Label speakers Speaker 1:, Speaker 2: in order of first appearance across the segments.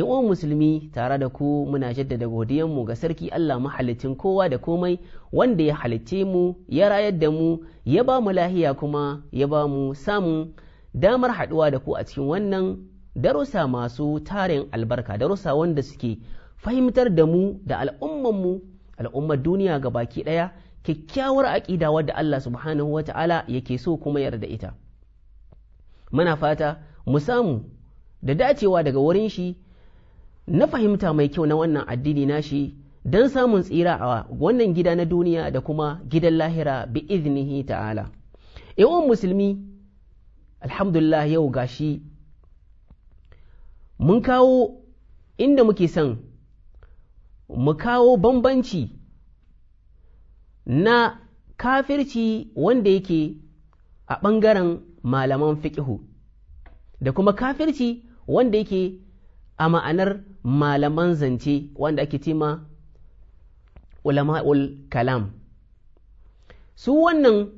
Speaker 1: uwan musulmi tare da ku muna jaddada mu ga sarki Allah mahalicin kowa da komai wanda ya halicce mu ya rayar da mu ya ba mu lahiya kuma ya ba mu samun damar haɗuwa da ku a cikin wannan darusa masu tarin albarka darusa wanda suke fahimtar da mu da al'ummanmu al'ummar duniya ga baki ɗaya kyakkyawar aƙida wadda Allah subhanahu wata'ala yake so kuma yarda ita muna fata mu samu da dacewa daga wurin shi na fahimta mai kyau na wannan addini nashi don samun tsira a wannan gida na duniya da kuma gidan lahira bi iznihi ta'ala yawan musulmi alhamdulillah yau gashi mun kawo inda muke son mu kawo bambanci na kafirci wanda yake a ɓangaren malaman fiƙihu da kuma kafirci wanda yake a ma'anar malaman zance wanda ake cima ulama'ul kalam su wannan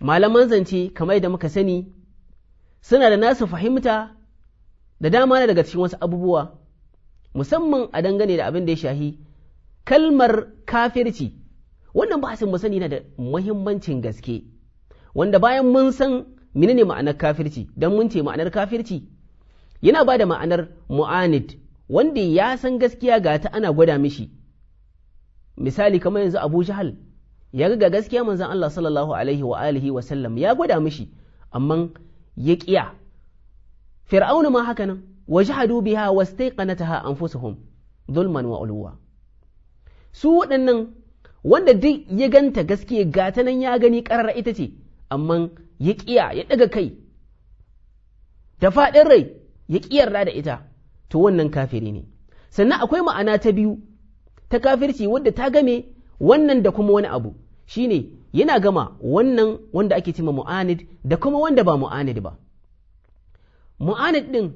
Speaker 1: malaman zance kamar da muka sani suna da nasu fahimta da dama daga cikin wasu abubuwa musamman a dangane da abin da ya shahi kalmar kafirci wannan bahasin mu sani na da muhimmancin gaske wanda bayan mun san menene ma'anar kafirci don mun ce ma'anar kafirci yana ba da ma'anar mu'anid wanda ya san gaskiya ga ta ana gwada mishi misali kamar yanzu abu jahal ya ga gaskiya manzan Allah sallallahu alaihi wa alihi wa sallam ya gwada mishi amma ya kiya fir'auna ma haka nan wa jahadu biha wastaiqanataha anfusuhum zulman wa ulwa su waɗannan wanda duk ya ganta gaskiya gata nan ya gani ƙarar ita ce amma ya kiya ya ɗaga kai da faɗin rai ya ƙiyarda da ita to wannan kafiri ne sannan akwai ma'ana ta biyu ta kafirci wadda ta game wannan da kuma wani abu shine yana gama wannan wanda ake cima mu'anid da kuma wanda ba mu'anid ba mu'anid ɗin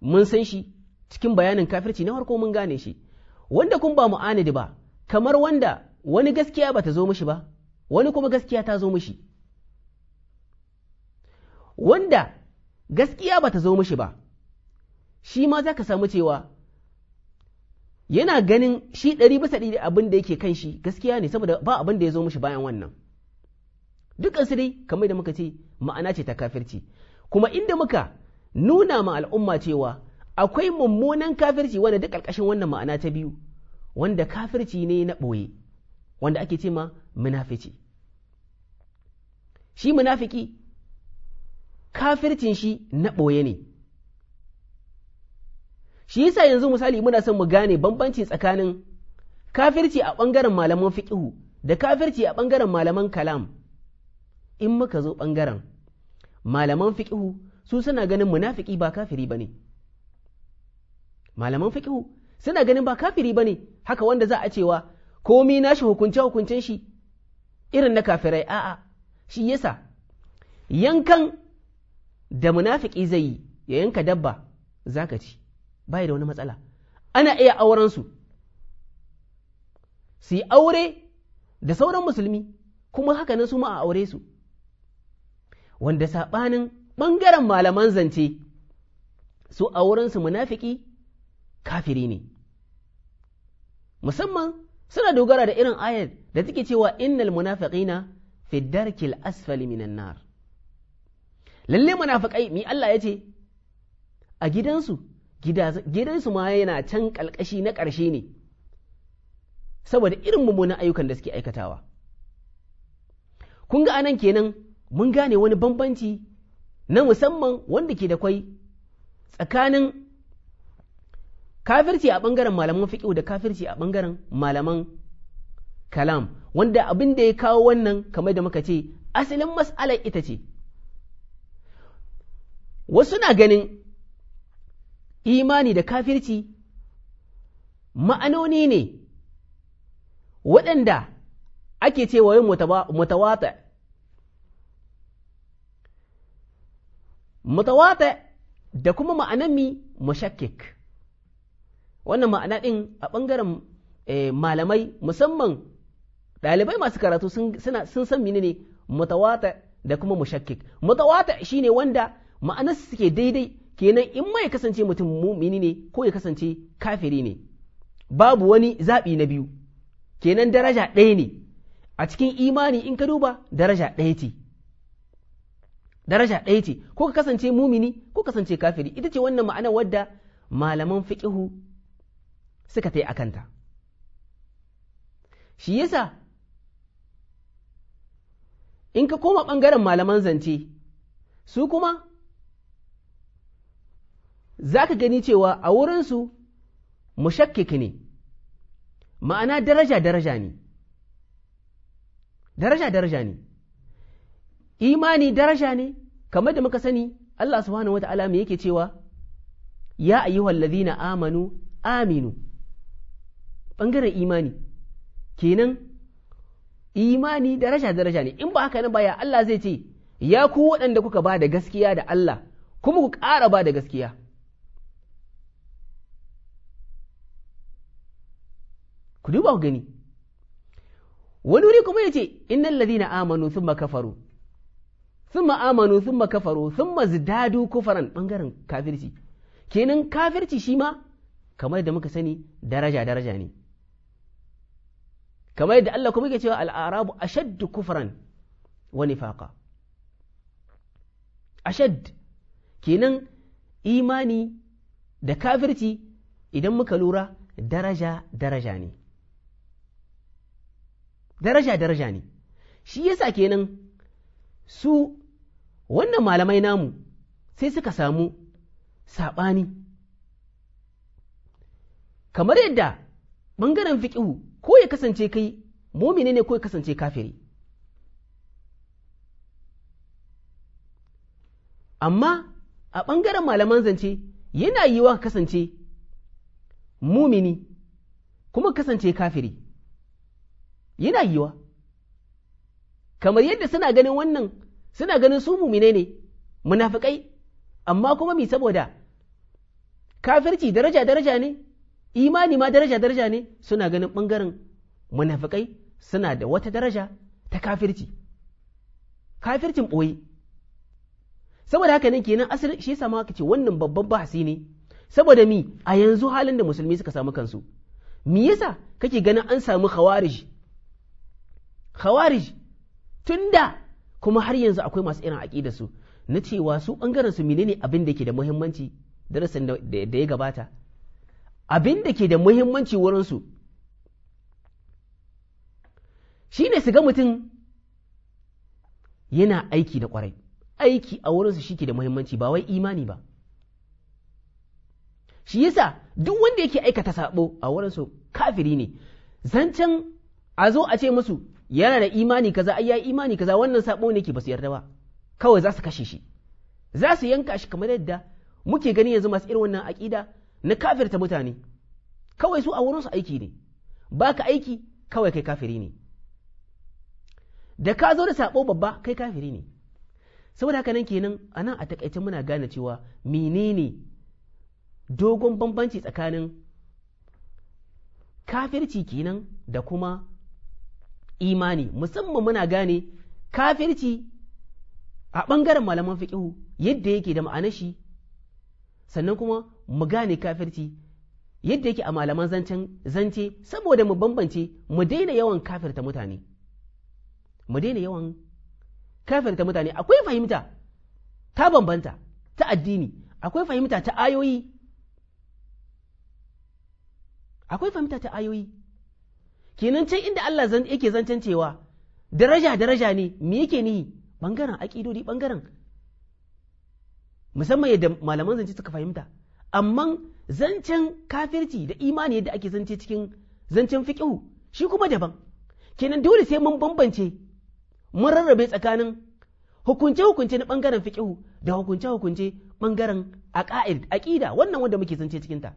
Speaker 1: mun san shi cikin bayanin kafirci na farko mun gane shi wanda kun ba mu'anid ba kamar wanda wani gaskiya ba ta zo mishi ba wani kuma gaskiya ta zo mishi wanda gaskiya ba ta zo mishi ba shi ma za ka samu cewa yana ganin shi ɗari bisa ɗari abin da yake kan shi gaskiya ne saboda ba abin da ya zo mishi bayan wannan dukkan su dai kamar da muka ce ma'ana ce ta kafirci kuma inda muka nuna ma al'umma cewa akwai mummunan kafirci wanda duk ƙarƙashin wannan ma'ana ta biyu wanda kafirci ne na ɓoye wanda ake ce ma munafici shi munafiki kafircin shi na ɓoye ne shi yasa yanzu misali muna son mu gane bambanci tsakanin kafirci a ɓangaren malaman fiƙihu da kafirci a ɓangaren malaman kalam in muka zo ɓangaren malaman fiƙihu su suna ganin munafiki ba kafiri ba ne malaman fiƙihu suna ganin ba kafiri ba ne haka wanda za a cewa komi nashi hukunce-hukuncen shi irin na kafirai a'a shi yasa yankan da munafiki zai yi ya yanka dabba zaka ci bai da wani matsala ana iya aurensu su yi aure da sauran musulmi kuma haka nan su ma a aure su wanda saɓanin ɓangaren malaman zance su aurensu wurinsu munafiki kafiri ne musamman suna dogara da irin ayar da take cewa innal munafiqina fi darkil asfali minan nar lalle munafikai mi Allah ya ce a gidansu gidansu ma yana can kalkashi na ƙarshe ne saboda irin mummunan ayyukan da suke aikatawa kun ga anan kenan mun gane wani bambanci na musamman wanda ke da kwai tsakanin kafirci a ɓangaren malaman fiƙiu da kafirci a ɓangaren malaman kalam wanda abin da ya kawo wannan kamar da muka ce asalin mas'alar ita ce wasu na ganin imani da kafirci ma'anoni ne waɗanda ake cewa yin mutawata mutawata da kuma ma'anan mi wannan ma'ana ɗin a ɓangaren eh, malamai musamman ɗalibai masu karatu sun san menene mutawata da kuma mushakkik mutawata shine wanda ma'anar suke daidai kenan in ma ya kasance mutum mumini ne ko ya kasance kafiri ne babu wani zaɓi na biyu kenan daraja ɗaya ne a cikin imani in ka duba daraja ɗaya ce daraja ɗaya ce ko ka kasance mumini ko kasance kafiri ita ce wannan ma'ana wadda malaman fiƙihu suka ta yi a kanta shi yasa in ka koma ɓangaren malaman zance su kuma za ka gani cewa a wurinsu mushakkik ne ma'ana daraja-daraja ne daraja-daraja ne imani daraja ne kamar da muka sani Allah subhanahu wata'ala me yake cewa ya wallazi na amanu aminu ɓangaren imani kenan imani daraja-daraja ne in ba haka nan baya Allah zai ce ya ku waɗanda kuka ba da gaskiya da Allah kuma ku ƙara ba da gaskiya ku duba ku gani wani wuri kuma yace innal ladina amanu Sun kafaru sun amanu thumma kafaru thumma zidadu kufran bangaren kafirci kenan kafirci shi ma kamar da muka sani daraja daraja ne kamar yadda Allah kuma yake cewa al'arabu ashaddu kufran wa nifaqa ashadd kenan imani da kafirci idan muka lura daraja daraja ne daraja daraja ne shi yasa kenan su wannan malamai namu sai suka samu saɓani kamar yadda ɓangaren fiƙihu ko ya kasance kai momine ne ko ya kasance kafiri amma a ɓangaren malaman zance yana yiwa kasance mumini kuma kasance kafiri yana yiwa kamar yadda suna ganin wannan suna ganin su mumine ne munafikai amma kuma mi saboda kafirci daraja daraja ne imani ma daraja daraja ne suna ganin ɓangaren munafikai suna da wata daraja ta kafirci kafircin ɓoye saboda haka nan kenan asirin shi sama ma ce wannan babban bahasi ne saboda mi a yanzu halin da musulmi suka samu kansu me yasa kake ganin an samu khawarij khawarij tunda kuma har yanzu akwai masu irin aƙida su na cewa su ɓangaren su menene abin da ke da muhimmanci darasin da ya gabata abin da ke da muhimmanci wurin su shine su ga mutum yana aiki da kwarai aiki a wurinsu shi ke da muhimmanci ba wai imani ba shi yasa duk wanda yake aikata sabo a wurinsu kafiri ne zancen a zo a ce musu yana da imani kaza ai ya imani kaza wannan sabo ne ke basu yarda ba kawai za su kashe shi za su yanka shi kamar yadda muke gani yanzu masu irin wannan aƙida na kafirta mutane kawai su a wurin su aiki ne baka aiki kawai kai kafiri ne da ka zo da sabo babba kai kafiri ne saboda haka nan kenan a nan a takaice muna gane cewa menene dogon bambanci tsakanin kafirci kenan da kuma imani musamman muna gane kafirci a ɓangaren malaman fiƙihu yadda yake da ma'anar shi sannan kuma mu gane kafirci yadda yake a malaman zance saboda mu bambance mu daina yawan kafirta mutane mu daina yawan kafirta mutane akwai fahimta ta bambanta ta addini akwai fahimta ta ayoyi akwai fahimta ta ayoyi kenan can inda Allah yake zancen cewa daraja daraja ne me yake nihi bangaren aƙidodi bangaren musamman yadda malaman zance suka fahimta amma zancen kafirci da imani yadda ake zance cikin zancen fiƙihu shi kuma daban kenan dole sai mun bambance mun rarrabe tsakanin hukunce-hukunce na bangaren fiƙihu da hukunce-hukunce bangaren aƙida wannan wanda muke zance cikin ta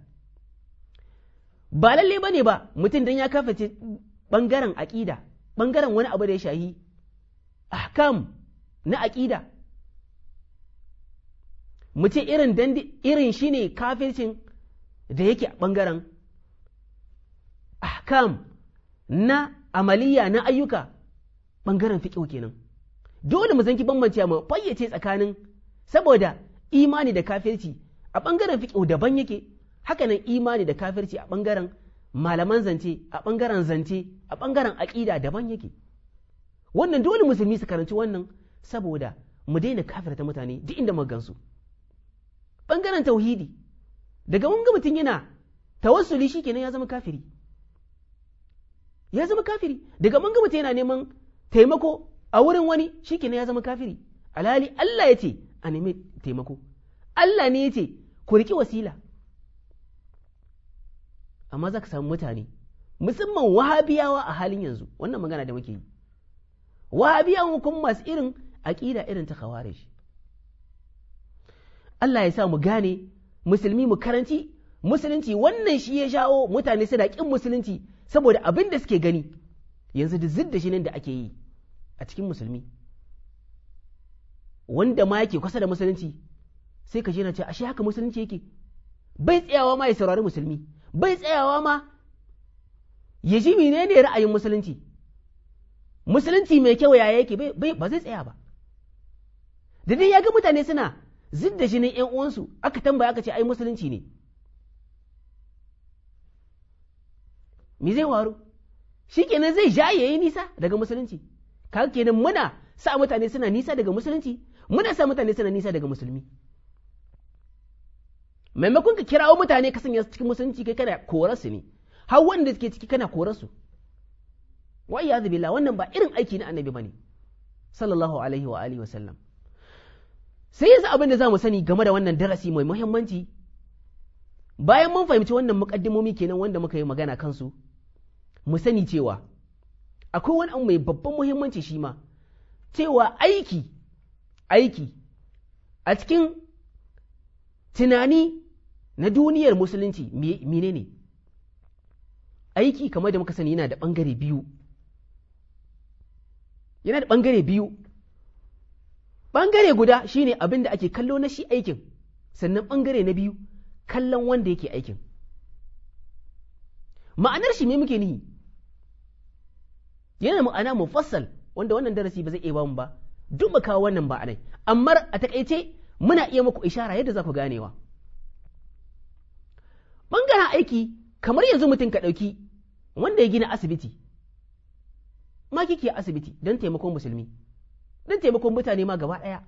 Speaker 1: ba lalle ne ba mutum dan ya kaface bangaren aƙida bangaren wani abu da ya shahi ahkam na aƙida mu irin dandi irin shine kafircin da yake bangaren ahkam na amaliya na ayyuka bangaren fiƙo kenan dole mu zanki bambance mu fayyace tsakanin saboda imani da kafirci a ɓangaren fiƙo daban yake hakanan imani da kafirci a ɓangaren malaman zance a ɓangaren zance a ɓangaren aƙida daban yake wannan dole musulmi su karanci wannan saboda mu daina kafirta mutane duk inda magansu ɓangaren tauhidi daga wanga mutum yana tawassuli shi kenan ya zama kafiri ya zama kafiri daga wanga mutum yana neman taimako a wurin wani shi kenan ya zama kafiri alhali Allah ya ce a nemi taimako Allah ne ya ce ku riƙi wasila amma za ka samu mutane musamman wahabiyawa a halin yanzu wannan magana da muke yi wahabiyawa kuma masu irin aƙida irin ta khawarij Allah ya sa mu gane musulmi mu karanci musulunci wannan shi ya shawo mutane suna ƙin musulunci saboda abin da suke gani yanzu da zidda shi da ake yi a cikin musulmi wanda ma yake kusa da musulunci sai ka na ce ashe haka musulunci yake bai tsayawa ma ya saurari musulmi bai tsayawa ma ya ji ne ra'ayin musulunci musulunci mai kyau yaya yake bai ba zai tsaya ba da dai ya ga mutane suna zidda jinin ƴan uwansu aka tambaya aka ce ai musulunci ne me zai waru kenan zai ja yi nisa daga musulunci kaga kenan muna sa mutane suna nisa daga musulunci muna sa mutane suna nisa daga musulmi maimakon ka kirawo mutane ka sanya cikin musulunci kai kana korar su ne har wanda suke ciki kana korar su wa iyadu billah wannan ba irin aiki na annabi bane sallallahu alaihi wa alihi wa sallam sai yanzu abin da zamu sani game da wannan darasi mai muhimmanci bayan mun fahimci wannan mukaddimomi kenan wanda muka yi magana kansu mu sani cewa akwai wani mai babban muhimmanci shi ma cewa aiki aiki a cikin tunani na duniyar musulunci mine ne aiki kamar da muka sani yana da ɓangare biyu yana da ɓangare biyu ɓangare guda shine abin da ake kallo na shi aikin sannan ɓangare na biyu kallon wanda yake aikin ma'anar shi me muke nihi yana ma'ana mufassal wanda wannan darasi ba zai iya bamu ba duk ba kawo wannan ba a amma a takaice muna iya muku ishara yadda za ku ganewa ɓangaren aiki kamar yanzu mutum ka ɗauki wanda ya gina asibiti ma kike asibiti don taimakon musulmi don taimakon mutane ma gaba ɗaya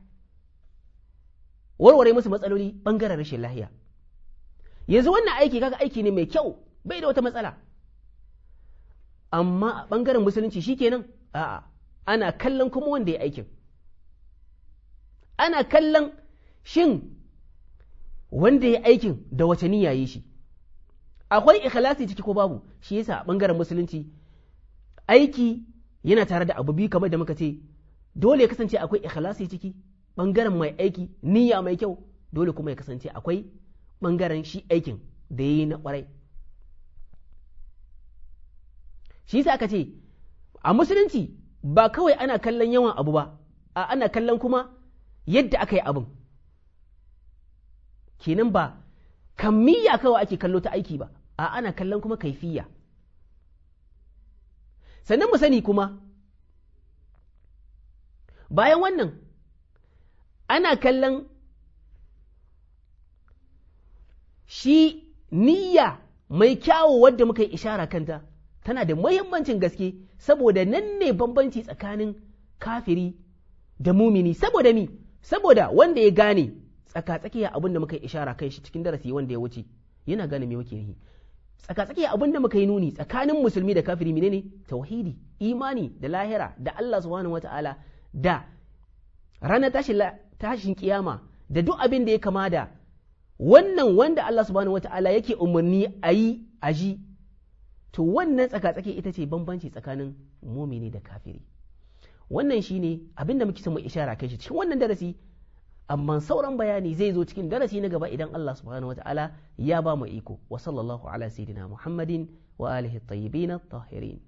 Speaker 1: warware musu matsaloli ɓangaren rashin lahiya yanzu wannan aiki kaga aiki ne mai kyau bai da wata matsala amma a ɓangaren musulunci shikenan a'a ana kallon kuma wanda ya aikin ana kallon shin wanda ya aikin da wata niyya yi shi akwai ikhlasi ciki ko babu shi yasa bangaren musulunci aiki yana tare da abu biyu kamar da muka ce dole ya kasance akwai ikhlasi ciki bangaren mai aiki niyya mai kyau dole kuma ya kasance akwai bangaren shi aikin da yayi na kwarai shi yasa aka ce a musulunci ba kawai ana kallon yawan abu ba a ana kallon kuma yadda aka yi abin kenan ba kammiya kawai ake kallo ta aiki ba a ana kallon kuma kaifiya sannan mu sani kuma bayan wannan ana kallon shi niyya mai kyawo wadda muka yi ishara kanta tana da muhimmancin gaske saboda nan ne bambanci tsakanin kafiri da mumini saboda ni saboda wanda ya gane tsaka-tsakiya abin da muka yi ishara kai shi cikin darasi wanda ya wuce yana gane me wake yi tsakatsaki abin da muka yi nuni tsakanin musulmi da kafiri menene tauhidi imani da lahira da Allah subhanahu wata'ala da ranar tashin tashin kiyama da duk abin da ya kama da wannan wanda Allah subhanahu wata'ala yake umarni a yi a ji to wannan tsakatsaki ita ce bambanci tsakanin mumini da kafiri wannan shine abin da muke son mu ishara kai shi cikin wannan darasi amma sauran bayani zai zo cikin darasi na gaba idan Allah subhanahu wataala ya ba mu iko wa sallallahu ala sayidina muhammadin wa alihi tayyibin tahirin